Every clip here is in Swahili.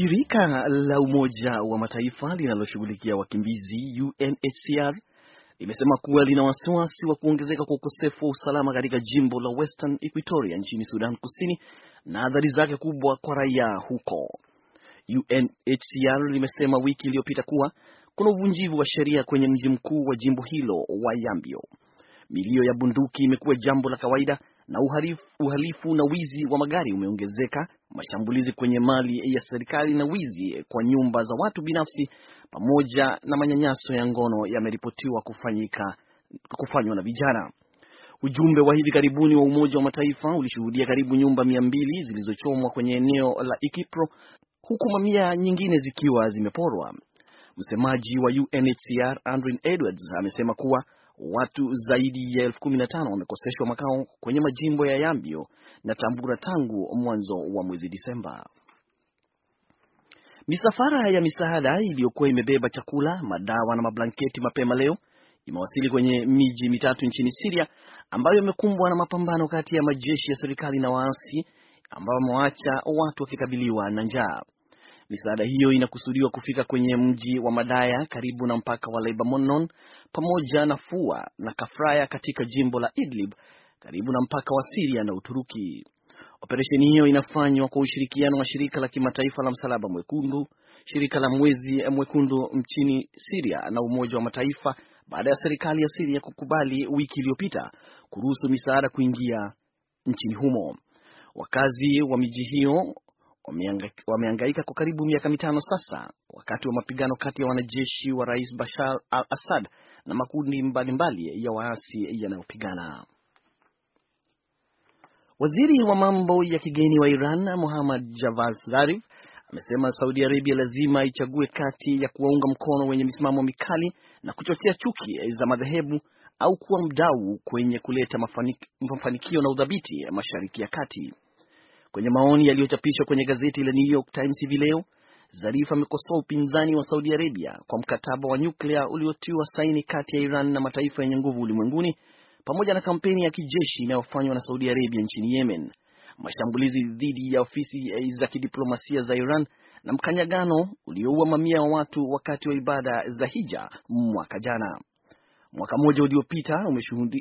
Shirika la Umoja wa Mataifa linaloshughulikia wakimbizi UNHCR limesema kuwa lina wasiwasi wa kuongezeka kwa ukosefu wa usalama katika jimbo la Western Equatoria nchini Sudan Kusini na athari zake kubwa kwa raia huko. UNHCR limesema wiki iliyopita kuwa kuna uvunjivu wa sheria kwenye mji mkuu wa jimbo hilo wa Yambio. Milio ya bunduki imekuwa jambo la kawaida na uhalifu, uhalifu na wizi wa magari umeongezeka, mashambulizi kwenye mali ya serikali na wizi kwa nyumba za watu binafsi pamoja na manyanyaso ya ngono yameripotiwa kufanyika kufanywa na vijana. Ujumbe wa hivi karibuni wa Umoja wa Mataifa ulishuhudia karibu nyumba mia mbili zilizochomwa kwenye eneo la Ikipro huku mamia nyingine zikiwa zimeporwa. Msemaji wa UNHCR Andrin Edwards amesema kuwa Watu zaidi ya elfu kumi na tano wamekoseshwa makao kwenye majimbo ya Yambio na Tambura tangu mwanzo wa mwezi Disemba. Misafara ya misaada iliyokuwa imebeba chakula, madawa na mablanketi mapema leo imewasili kwenye miji mitatu nchini Siria ambayo imekumbwa na mapambano kati ya majeshi ya serikali na waasi ambao wamewacha watu wakikabiliwa na njaa. Misaada hiyo inakusudiwa kufika kwenye mji wa Madaya karibu na mpaka wa Lebanon pamoja na Fua na Kafraya katika jimbo la Idlib karibu na mpaka wa Siria na Uturuki. Operesheni hiyo inafanywa kwa ushirikiano wa shirika la kimataifa la Msalaba Mwekundu, shirika la Mwezi eh, Mwekundu nchini Siria na Umoja wa Mataifa baada ya serikali ya Siria kukubali wiki iliyopita kuruhusu misaada kuingia nchini humo. Wakazi wa miji hiyo wameangaika kwa karibu miaka mitano sasa wakati wa mapigano kati ya wanajeshi wa Rais Bashar al-Assad na makundi mbalimbali mbali ya waasi yanayopigana. Waziri wa mambo ya kigeni wa Iran muhamad Javad Zarif amesema Saudi Arabia lazima ichague kati ya kuwaunga mkono wenye misimamo mikali na kuchochea chuki za madhehebu au kuwa mdau kwenye kuleta mafanikio na udhabiti mashariki ya kati. Kwenye maoni yaliyochapishwa kwenye gazeti la New York Times hivi leo, Zarif amekosoa upinzani wa Saudi Arabia kwa mkataba wa nyuklia uliotiwa saini kati ya Iran na mataifa yenye nguvu ulimwenguni pamoja na kampeni ya kijeshi inayofanywa na Saudi Arabia nchini Yemen, mashambulizi dhidi ya ofisi za kidiplomasia za Iran na mkanyagano ulioua mamia wa watu wakati wa ibada za hija mwaka jana. Mwaka mmoja uliopita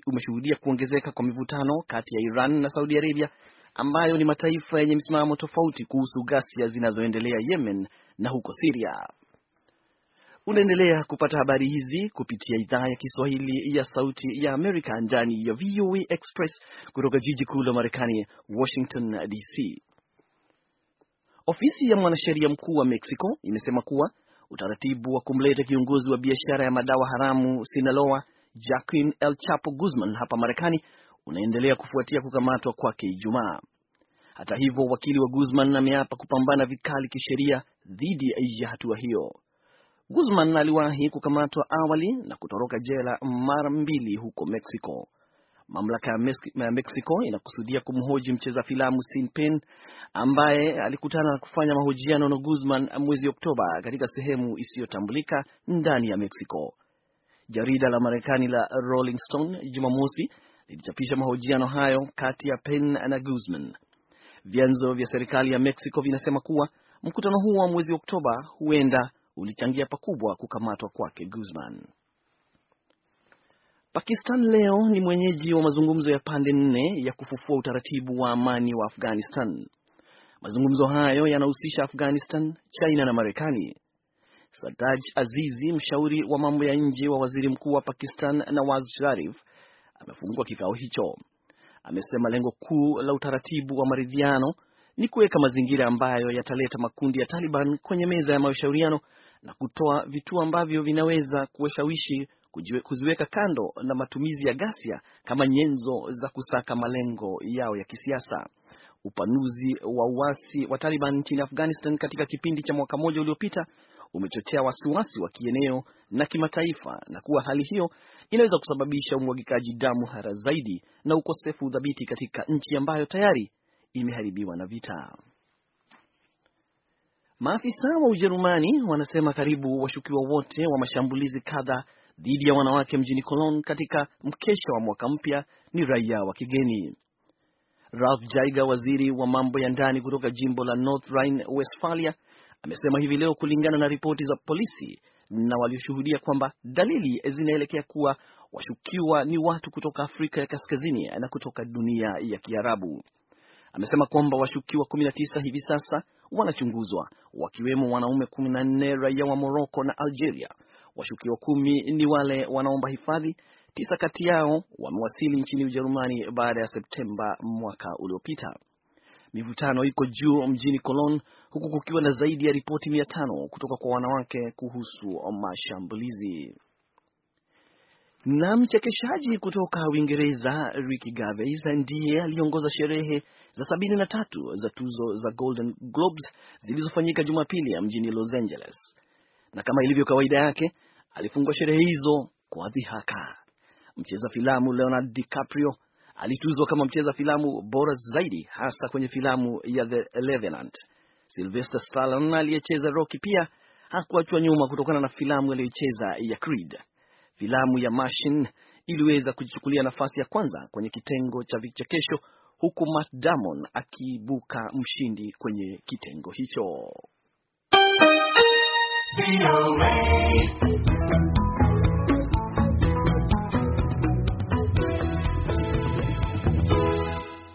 umeshuhudia kuongezeka kwa mivutano kati ya Iran na Saudi Arabia ambayo ni mataifa yenye msimamo tofauti kuhusu ghasia zinazoendelea Yemen na huko Siria. Unaendelea kupata habari hizi kupitia idhaa ya Kiswahili ya Sauti ya Amerika ndani ya VOA Express kutoka jiji kuu la Marekani, Washington DC. Ofisi ya mwanasheria mkuu wa Mexico imesema kuwa utaratibu wa kumleta kiongozi wa biashara ya madawa haramu Sinaloa Joaquin El Chapo Guzman hapa Marekani unaendelea kufuatia kukamatwa kwake Ijumaa. Hata hivyo, wakili wa Guzman ameapa kupambana vikali kisheria dhidi ya hatua hiyo. Guzman aliwahi kukamatwa awali na kutoroka jela mara mbili huko Mexico. Mamlaka ya Mexico inakusudia kumhoji mcheza filamu Sean Penn ambaye alikutana na kufanya mahojiano na Guzman mwezi Oktoba katika sehemu isiyotambulika ndani ya Mexico. Jarida la Marekani la Rolling Stone Jumamosi lilichapisha mahojiano hayo kati ya Pen na Guzman. Vyanzo vya serikali ya Mexico vinasema kuwa mkutano huo wa mwezi Oktoba huenda ulichangia pakubwa kukamatwa kwake Guzman. Pakistan leo ni mwenyeji wa mazungumzo ya pande nne ya kufufua utaratibu wa amani wa Afghanistan. Mazungumzo hayo yanahusisha Afghanistan, China na Marekani. Sadaj Azizi, mshauri wa mambo ya nje wa waziri mkuu wa Pakistan Nawaz Sharif, amefungua kikao hicho. Amesema lengo kuu la utaratibu wa maridhiano ni kuweka mazingira ambayo yataleta makundi ya Taliban kwenye meza ya mashauriano na kutoa vituo ambavyo vinaweza kuwashawishi kuziweka kando na matumizi ya ghasia kama nyenzo za kusaka malengo yao ya kisiasa. Upanuzi wa uasi wa Taliban nchini Afghanistan katika kipindi cha mwaka mmoja uliopita umechochea wasiwasi wa kieneo na kimataifa na kuwa hali hiyo inaweza kusababisha umwagikaji damu hara zaidi na ukosefu udhabiti katika nchi ambayo tayari imeharibiwa na vita. Maafisa wa Ujerumani wanasema karibu washukiwa wote wa mashambulizi kadhaa dhidi ya wanawake mjini Cologne katika mkesha wa mwaka mpya ni raia wa kigeni. Ralph Jaiga, waziri wa mambo ya ndani kutoka jimbo la North Rhine-Westphalia, amesema hivi leo kulingana na ripoti za polisi na walioshuhudia kwamba dalili zinaelekea kuwa washukiwa ni watu kutoka Afrika ya Kaskazini na kutoka dunia ya Kiarabu. Amesema kwamba washukiwa 19 hivi sasa wanachunguzwa wakiwemo wanaume 14 raia wa Moroko na Algeria. Washukiwa kumi ni wale wanaomba hifadhi Tisa kati yao wamewasili nchini Ujerumani baada ya Septemba mwaka uliopita. Mivutano iko juu mjini Cologne huku kukiwa na zaidi ya ripoti mia tano kutoka kwa wanawake kuhusu mashambulizi. Na mchekeshaji kutoka Uingereza Ricky Gervais ndiye aliongoza sherehe za sabini na tatu za tuzo za Golden Globes zilizofanyika Jumapili mjini Los Angeles, na kama ilivyo kawaida yake alifungua sherehe hizo kwa dhihaka. Mcheza filamu leonard DiCaprio alituzwa kama mcheza filamu bora zaidi hasa kwenye filamu ya The Revenant. Sylvester Stallone aliyecheza Rocky pia hakuachwa nyuma kutokana na filamu aliyocheza ya Creed. Filamu ya Machine iliweza kujichukulia nafasi ya kwanza kwenye kitengo cha vichekesho huku Matt Damon akiibuka mshindi kwenye kitengo hicho.